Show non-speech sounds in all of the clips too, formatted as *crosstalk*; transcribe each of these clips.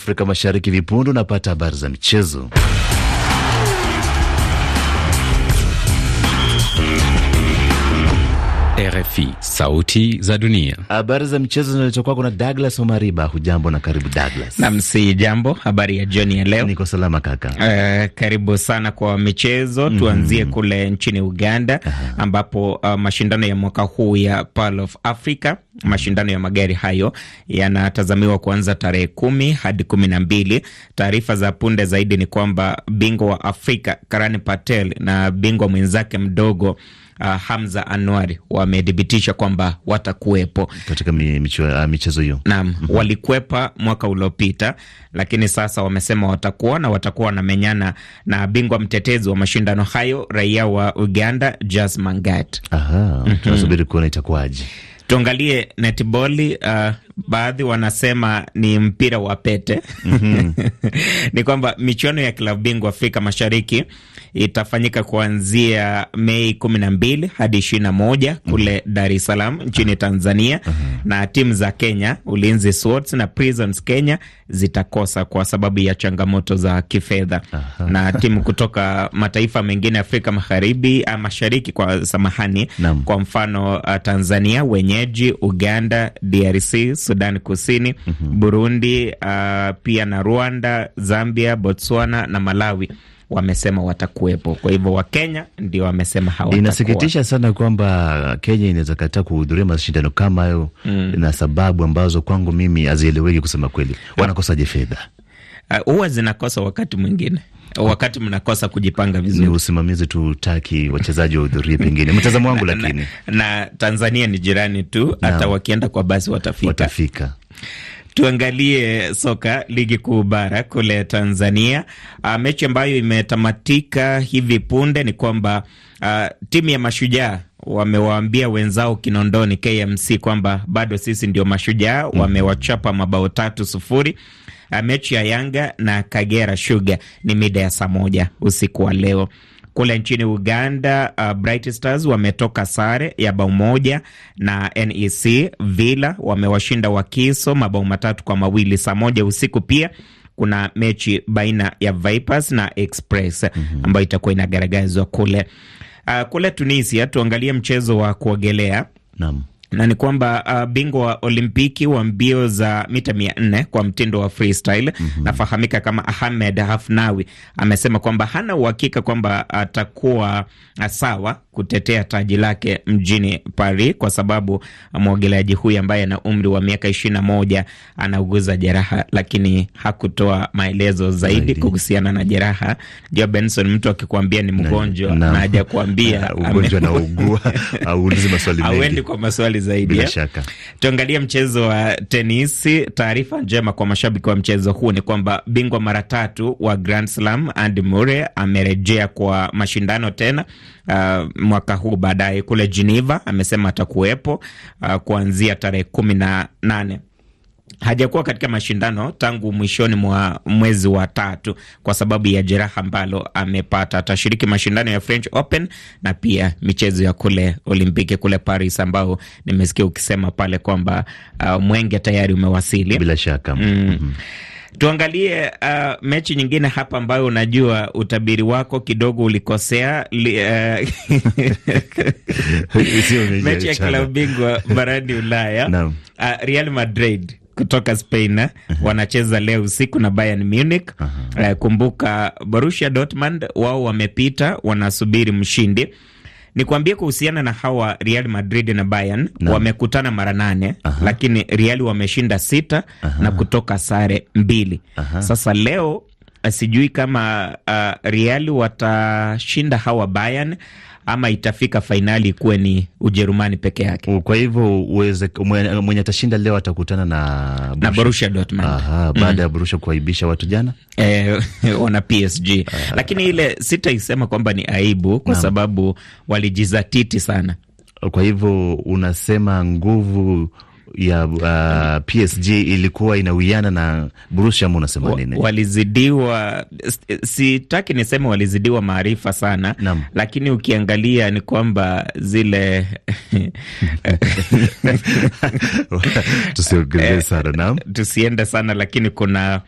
Afrika Mashariki vipundu. Napata habari za michezo. RFI, Sauti za Dunia. Habari za michezo zinaletwa kwako na Douglas Omariba. Hujambo na karibu Douglas. Nam, si jambo. Habari ya jioni ya leo? Niko salama kaka. Uh, karibu sana kwa michezo. Mhm. Tuanzie kule nchini Uganda Aha, ambapo uh, mashindano ya mwaka huu ya Pearl of Africa, mashindano ya magari hayo yanatazamiwa kuanza tarehe kumi hadi kumi na mbili. Taarifa za punde zaidi ni kwamba bingwa wa Afrika Karani Patel na bingwa mwenzake mdogo uh, Hamza Anwari wamethibitisha kwamba watakuwepo katika ah, michezo hiyo. Naam, mhm. walikwepa mwaka uliopita, lakini sasa wamesema watakuwa na watakuwa wanamenyana na bingwa mtetezi wa mashindano hayo raia wa Uganda Jas Mangat. Mhm. tunasubiri kuona itakuwaje. Tuangalie netiboli. Uh, ah, baadhi wanasema ni mpira wa pete. mm -hmm. *laughs* Ni kwamba michuano ya klabu bingwa Afrika Mashariki itafanyika kuanzia Mei kumi na mbili hadi ishirini na moja kule mm-hmm. Dar es Salaam nchini Tanzania. uh mm-hmm. -huh. Na timu za Kenya, Ulinzi na Prisons Kenya zitakosa kwa sababu ya changamoto za kifedha. uh -huh. Na timu kutoka mataifa mengine Afrika Magharibi, ah, Mashariki kwa samahani, Nam. kwa mfano ah, Tanzania wenyeji, Uganda, DRC, Sudan Kusini, uh mm-hmm. -huh. Burundi, uh, pia na Rwanda, Zambia, Botswana na Malawi wamesema watakuwepo. Kwa hivyo Wakenya ndio wamesema hawatakuwa. Inasikitisha sana kwamba Kenya inaweza kataa kuhudhuria mashindano kama hayo mm, na sababu ambazo kwangu mimi hazieleweki kusema kweli. Wanakosaje fedha? Ah, huwa uh, zinakosa wakati mwingine wakati mnakosa kujipanga vizuri, ni usimamizi tu, taki wachezaji wahudhurie, pengine mtazamo wangu lakini na, na Tanzania ni jirani tu, hata wakienda kwa basi watafika, watafika. Tuangalie soka ligi kuu bara kule Tanzania. Uh, mechi ambayo imetamatika hivi punde ni kwamba uh, timu ya Mashujaa wamewaambia wenzao Kinondoni KMC kwamba bado sisi ndio Mashujaa. Hmm. Wamewachapa mabao tatu sufuri. Uh, mechi ya Yanga na Kagera Sugar ni mida ya saa moja usiku wa leo. Kule nchini Uganda, uh, Bright Stars wametoka sare ya bao moja na NEC Villa, wamewashinda Wakiso mabao matatu kwa mawili. Saa moja usiku pia kuna mechi baina ya Vipers na Express mm -hmm. ambayo itakuwa inagaragazwa kule. Uh, kule Tunisia tuangalie mchezo wa kuogelea. Naam na ni kwamba uh, bingwa wa Olimpiki wa mbio za mita mia nne kwa mtindo wa freestyle mm -hmm. nafahamika kama Ahmed Hafnawi amesema kwamba hana uhakika kwamba atakuwa uh, sawa kutetea taji lake mjini Paris, kwa sababu mwogeleaji huyu ambaye ana umri wa miaka ishirini na moja anauguza jeraha, lakini hakutoa maelezo zaidi kuhusiana na jeraha. Jua Benson, mtu akikuambia ni mgonjwa na haja kuambia na ugua, maswali mengi, auendi kwa maswali zaidi. Bila eh? shaka tuangalie mchezo wa tenisi. Taarifa njema kwa mashabiki wa mchezo huu ni kwamba bingwa mara tatu wa Grand Slam Andy Murray amerejea kwa mashindano tena uh, mwaka huu baadaye kule Geneva. Amesema atakuwepo uh, kuanzia tarehe kumi na nane hajakuwa katika mashindano tangu mwishoni mwa mwezi wa tatu kwa sababu ya jeraha ambalo amepata. Atashiriki mashindano ya French Open na pia michezo ya kule Olimpiki kule Paris, ambao nimesikia ukisema pale kwamba uh, mwenge tayari umewasili bila shaka mm. mm -hmm. Tuangalie uh, mechi nyingine hapa ambayo unajua utabiri wako kidogo ulikosea li, uh, *laughs* mechi ya klabu bingwa barani Ulaya no. uh, Real Madrid kutoka Spain uh -huh. wanacheza leo usiku na Bayern Munich uh -huh. uh, kumbuka Borussia Dortmund wao wamepita, wanasubiri mshindi Nikwambie kuhusiana na hawa Real Madrid na Bayern wamekutana mara nane lakini Real wameshinda sita Aha. na kutoka sare mbili Aha. Sasa leo eh, sijui kama uh, Real watashinda hawa Bayern ama itafika fainali ikuwe ni Ujerumani peke yake. Kwa hivyo mwenye atashinda leo atakutana na Borussia, na Borussia Dortmund. Aha, mhm. baada mm ya Borussia kuwaibisha watu jana eh, wana *laughs* PSG Aha. Lakini ile sitaisema kwamba ni aibu kwa na. sababu walijizatiti sana. Kwa hivyo unasema nguvu ya uh, PSG ilikuwa inawiana na Borussia ama unasema nini? Walizidiwa, sitaki niseme walizidiwa maarifa sana Nam. Lakini ukiangalia ni kwamba zile *laughs* tusiongeze sana Nam. *laughs* tusiende sana lakini kuna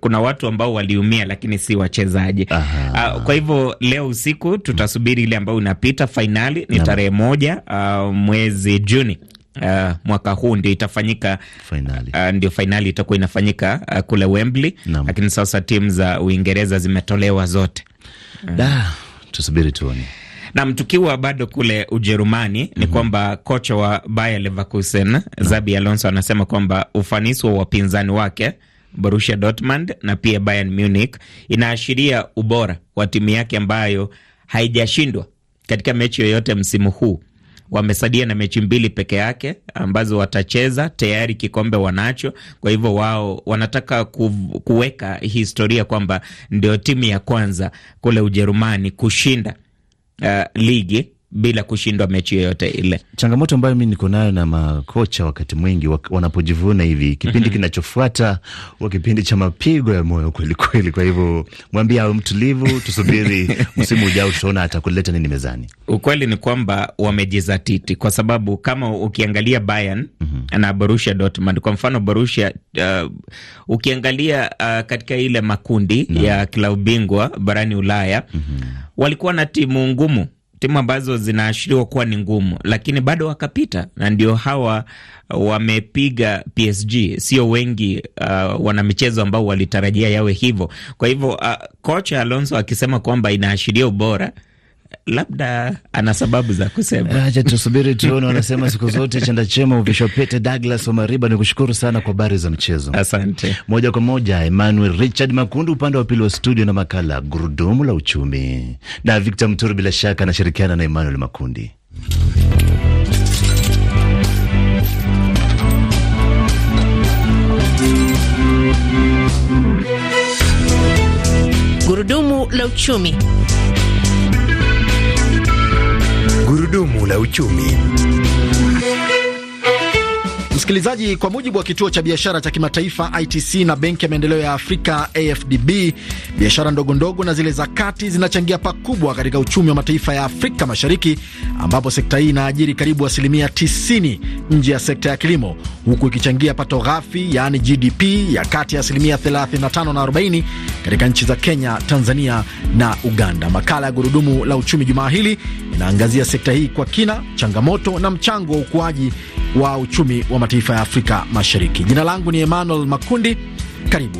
kuna watu ambao waliumia lakini si wachezaji. Ah, kwa hivyo leo usiku tutasubiri ile ambayo inapita fainali ni tarehe moja uh, mwezi Juni. Uh, mwaka huu ndio itafanyika finali. Uh, ndio fainali itakuwa inafanyika uh, kule Wembley, lakini sasa timu za Uingereza zimetolewa zote. Uh. Da, tusubiri tuone. Nam, tukiwa bado kule Ujerumani ni mm -hmm. kwamba kocha wa Bayer Leverkusen Zabi Alonso anasema kwamba ufanisi wa wapinzani wake Borussia Dortmund na pia Bayern Munich inaashiria ubora wa timu yake ambayo haijashindwa katika mechi yoyote msimu huu wamesadia na mechi mbili peke yake ambazo watacheza, tayari kikombe wanacho. Kwa hivyo wao wanataka kuweka historia kwamba ndio timu ya kwanza kule Ujerumani kushinda uh, ligi bila kushindwa mechi yoyote ile. Changamoto ambayo mi niko nayo na makocha wakati mwingi wanapojivuna hivi, kipindi mhm. kinachofuata wa kipindi cha mapigo ya moyo kwelikweli. Kwa hivyo mwambie awe mtulivu, tusubiri *laughs* msimu ujao, tutaona atakuleta nini mezani. Ukweli ni kwamba wamejizatiti, kwa sababu kama ukiangalia Bayern mhm. na Borussia Dortmund kwa mfano, Borussia uh, ukiangalia uh, katika ile makundi no. ya klabu bingwa barani Ulaya mm -hmm. walikuwa na timu ngumu timu ambazo zinaashiriwa kuwa ni ngumu, lakini bado wakapita, na ndio hawa wamepiga PSG. Sio wengi uh, michezo ambao walitarajia yawe hivyo. Kwa hivyo uh, kocha Alonso akisema kwamba inaashiria ubora labda ana sababu za kusema. Acha tusubiri tuone, wanasema siku zote chanda chema uvishwa pete. Douglas Omariba, ni kushukuru sana kwa habari za mchezo. Asante moja kwa moja. Emmanuel Richard Makundu upande wa pili wa studio na makala gurudumu la uchumi, na Victor Mturu bila shaka anashirikiana na Emmanuel Makundi. Gurudumu la uchumi gurudumu la uchumi. Msikilizaji, kwa mujibu wa kituo cha biashara cha kimataifa ITC na benki ya maendeleo ya Afrika AFDB, biashara ndogo ndogo na zile za kati zinachangia pakubwa katika uchumi wa mataifa ya Afrika Mashariki, ambapo sekta hii inaajiri karibu asilimia 90 nje ya sekta ya kilimo, huku ikichangia pato ghafi yaani GDP ya kati ya asilimia 35 na 40 katika nchi za Kenya, Tanzania na Uganda. Makala ya Gurudumu la Uchumi jumaa hili inaangazia sekta hii kwa kina, changamoto na mchango wa ukuaji wa uchumi wa mataifa ya Afrika Mashariki. Jina langu ni Emmanuel Makundi, karibu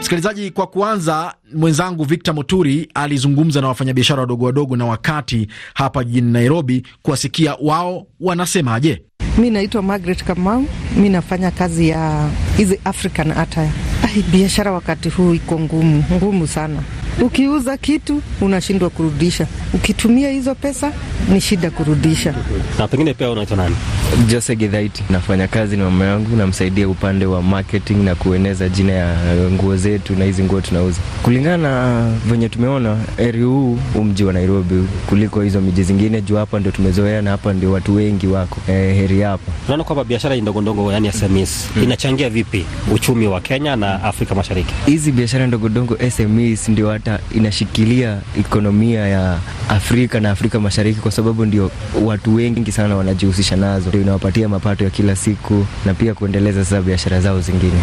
msikilizaji. Kwa kuanza, mwenzangu Victor Moturi alizungumza na wafanyabiashara wadogo wadogo na wakati hapa jijini Nairobi kuwasikia wao wanasemaje. Mi naitwa Margaret Kamau, mi nafanya kazi ya hizi African Attire. Ai, biashara wakati huu iko ngumu ngumu sana Ukiuza kitu unashindwa kurudisha, ukitumia hizo pesa ni shida kurudisha. Na pengine pia unaitwa nani? Jose Githaiti. Nafanya kazi na mama yangu, namsaidia upande wa marketing na kueneza jina ya nguo zetu na hizi nguo tunauza. Kulingana na venye tumeona eri huu mji wa Nairobi kuliko hizo miji zingine, juu hapa ndio tumezoea na hapa ndio watu wengi wako eh, heri hapa. Unaona kwamba biashara ndogondogo, yani SMEs, hmm. hmm, inachangia vipi uchumi wa Kenya na Afrika Mashariki? Hizi biashara ndogo SMEs ndio hata inashikilia ikonomia ya Afrika na Afrika Mashariki, kwa sababu ndio watu wengi sana wanajihusisha nazo ndio inawapatia mapato ya kila siku na pia kuendeleza sasa biashara zao zingine.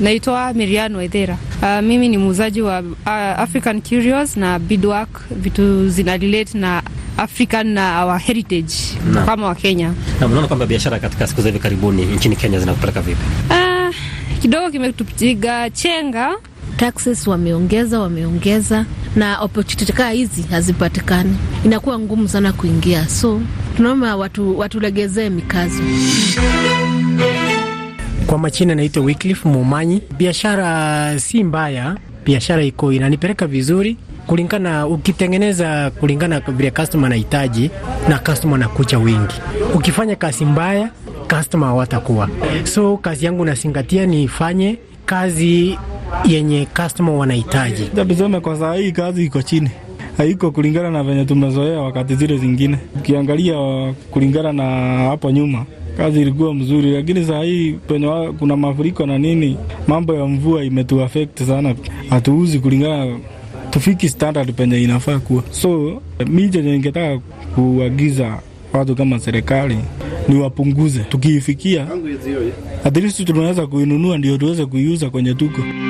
Naitwa Miriam Wethera. Uh, ah, mimi ni muuzaji wa uh, African Curios na beadwork, vitu relate na African na our heritage na kama wa Kenya. Na mnaona kwamba biashara katika siku za hivi karibuni nchini Kenya zinakupeleka vipi? Uh, kidogo kimetupiga chenga taxes wameongeza, wameongeza na opportunity kaa hizi hazipatikani, inakuwa ngumu sana kuingia, so tunaomba watu watulegezee mikazo. Kwa machina naitwa Wycliffe Mumanyi. Biashara si mbaya, biashara iko inanipeleka vizuri kulingana ukitengeneza kulingana vile customer anahitaji na customer nakucha wingi. Ukifanya kazi mbaya, customer hawatakuwa. So kazi yangu nasingatia nifanye kazi yenye customer wanahitaji. Tuseme kwa saa hii kazi iko chini, haiko kulingana na venye tumezoea wakati zile zingine. Ukiangalia kulingana na hapo nyuma kazi ilikuwa mzuri, lakini saa hii penye kuna mafuriko na nini, mambo ya mvua imetuafekti sana, hatuuzi kulingana tufiki standard penye inafaa kuwa. So mi chenye ningetaka kuagiza watu kama serikali ni wapunguze, tukiifikia at least tunaweza kuinunua ndio tuweze kuiuza kwenye tuko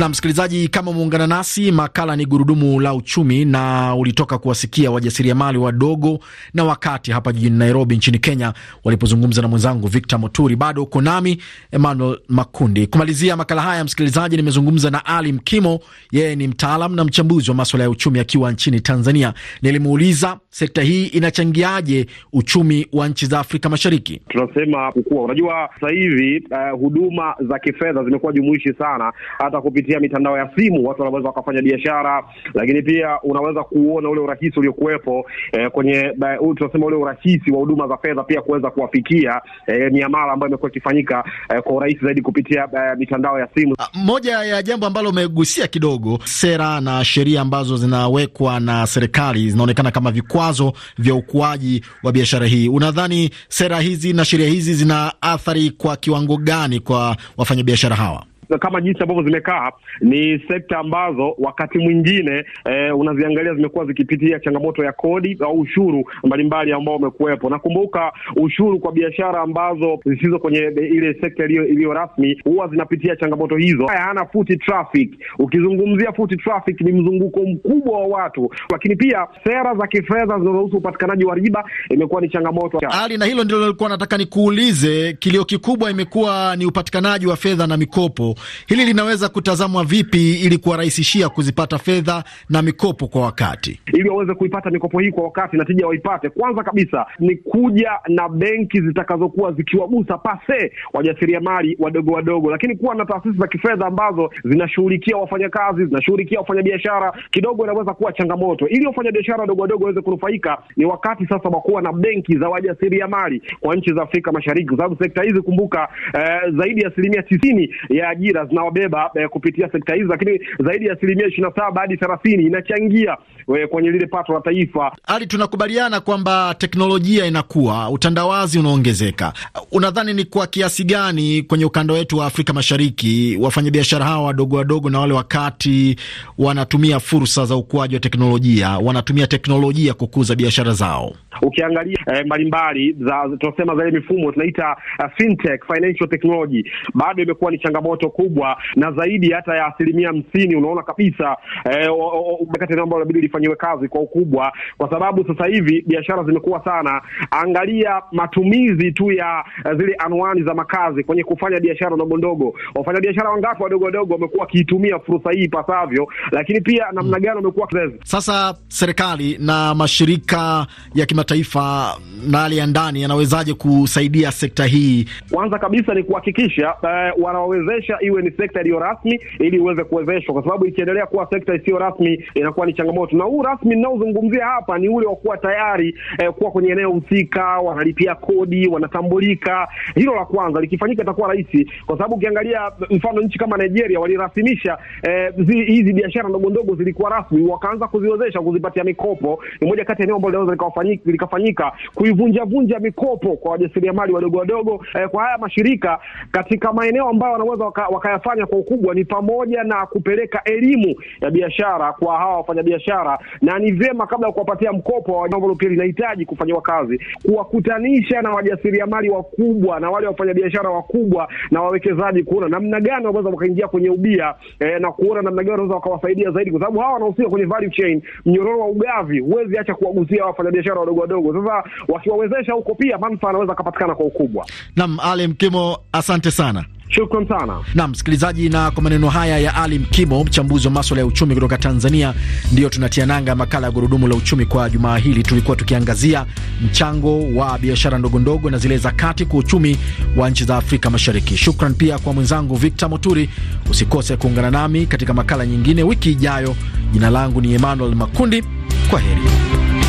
Na msikilizaji, kama umeungana nasi, makala ni gurudumu la uchumi, na ulitoka kuwasikia wajasiriamali wadogo na wakati hapa jijini Nairobi nchini Kenya walipozungumza na mwenzangu Victor Moturi. Bado uko nami Emmanuel Makundi. Kumalizia makala haya, msikilizaji, nimezungumza na Ali Mkimo, yeye ni mtaalam na mchambuzi wa maswala ya uchumi akiwa nchini Tanzania. Nilimuuliza sekta hii inachangiaje uchumi wa nchi za Afrika Mashariki. Tunasema kukua, unajua sasa hivi uh, huduma za kifedha zimekuwa jumuishi sana hata kupitia kupitia mitandao ya simu, watu wanaweza wakafanya biashara, lakini pia unaweza kuona ule urahisi uliokuwepo eh, kwenye eh, tunasema ule urahisi wa huduma za fedha pia kuweza kuwafikia eh, miamala ambayo imekuwa ikifanyika eh, kwa urahisi zaidi kupitia eh, mitandao ya simu. Ah, moja ya jambo ambalo umegusia kidogo, sera na sheria ambazo zinawekwa na serikali zinaonekana kama vikwazo vya ukuaji wa biashara hii. Unadhani sera hizi na sheria hizi zina athari kwa kiwango gani kwa wafanyabiashara hawa? kama jinsi ambavyo zimekaa, ni sekta ambazo wakati mwingine eh, unaziangalia zimekuwa zikipitia changamoto ya kodi au ushuru mbalimbali ambao umekuwepo. Nakumbuka ushuru kwa biashara ambazo zisizo kwenye ile sekta iliyo rasmi huwa zinapitia changamoto hizo. Haya, hana foot traffic. Ukizungumzia foot traffic, ni mzunguko mkubwa wa watu, lakini pia sera za kifedha zinazohusu upatikanaji wa riba imekuwa ni changamoto hali, na hilo ndilo nilikuwa nataka nikuulize. Kilio kikubwa imekuwa ni upatikanaji wa fedha na mikopo hili linaweza kutazamwa vipi ili kuwarahisishia kuzipata fedha na mikopo kwa wakati, ili waweze kuipata mikopo hii kwa wakati na tija waipate? Kwanza kabisa ni kuja na benki zitakazokuwa zikiwagusa pase wajasiriamali wadogo wadogo, lakini kuwa na taasisi za kifedha ambazo zinashughulikia wafanyakazi, zinashughulikia wafanyabiashara kidogo inaweza kuwa changamoto, ili wafanyabiashara wadogo wadogo waweze kunufaika. Ni wakati sasa wa kuwa na benki za wajasiriamali kwa nchi za Afrika Mashariki, kwa sababu sekta hizi kumbuka, eh, zaidi ya asilimia tisini ya ajira ajira zinawabeba eh, kupitia sekta hizi, lakini zaidi ya asilimia ishirini na saba hadi thelathini inachangia eh, kwenye lile pato la taifa. Hali tunakubaliana kwamba teknolojia inakuwa, utandawazi unaongezeka. Unadhani ni kwa kiasi gani kwenye ukanda wetu wa Afrika Mashariki wafanyabiashara hawa wadogo wadogo na wale wakati wanatumia fursa za ukuaji wa teknolojia, wanatumia teknolojia kukuza biashara zao? Ukiangalia eh, mbalimbali za tunasema zile mifumo tunaita uh, fintech, financial technology bado imekuwa ni changamoto kubwa na zaidi hata ya asilimia hamsini. Unaona kabisa eh, ambao ambayo inabidi lifanyiwe kazi kwa ukubwa, kwa sababu sasa hivi biashara zimekuwa sana. Angalia matumizi tu ya eh, zile anwani za makazi kwenye kufanya biashara ndogo ndogo. biashara wangapi wadogo wadogo wamekuwa wakiitumia fursa hii ipasavyo, lakini pia namna gani wamekuwa sasa serikali na mashirika ya kimataifa na hali ya ndani yanawezaje kusaidia sekta hii? Kwanza kabisa ni kuhakikisha uh, wanawawezesha iwe ni sekta iliyo rasmi ili iweze kuwezeshwa, kwa sababu ikiendelea kuwa sekta isiyo rasmi inakuwa ni changamoto. Na huu rasmi ninaozungumzia hapa ni ule wa kuwa tayari eh, kuwa kwenye eneo husika, wanalipia kodi, wanatambulika. Hilo la kwanza likifanyika itakuwa rahisi, kwa sababu ukiangalia mm, mfano nchi kama Nigeria walirasimisha eh, hizi eh, biashara ndogo ndogo zilikuwa rasmi, wakaanza kuziwezesha kuzipatia mikopo. Ni moja kati ya eneo ambalo linaweza likafanyika likafanyika kuivunja vunja mikopo kwa wajasiriamali wadogo wadogo eh, kwa haya mashirika katika maeneo ambayo wanaweza waka, wakayafanya kwa ukubwa ni pamoja na kupeleka elimu ya biashara kwa hawa wafanyabiashara, na ni vyema kabla ya kuwapatia mkopo, jambo pia linahitaji kufanyiwa kazi, kuwakutanisha na wajasiriamali wakubwa na wale wafanyabiashara wakubwa na wawekezaji, kuona namna gani wanaweza wakaingia kwenye ubia eh, na kuona namna gani wanaweza wakawasaidia zaidi, kwa sababu hawa wanahusika kwenye value chain, mnyororo wa ugavi, huwezi acha kuwagusia wafanyabiashara wadogo wadogo. Sasa wakiwawezesha huko, pia manufaa anaweza akapatikana kwa ukubwa. Naam, Ali Mkimo, asante sana. Shukran sana. na msikilizaji, na kwa maneno haya ya Ali Mkimo, mchambuzi wa maswala ya uchumi kutoka Tanzania, ndiyo tunatia nanga makala ya gurudumu la uchumi kwa jumaa hili. Tulikuwa tukiangazia mchango wa biashara ndogondogo na zile za kati kwa uchumi wa nchi za Afrika Mashariki. Shukran pia kwa mwenzangu Victor Moturi. Usikose kuungana nami katika makala nyingine wiki ijayo. Jina langu ni Emmanuel Makundi. Kwa heri.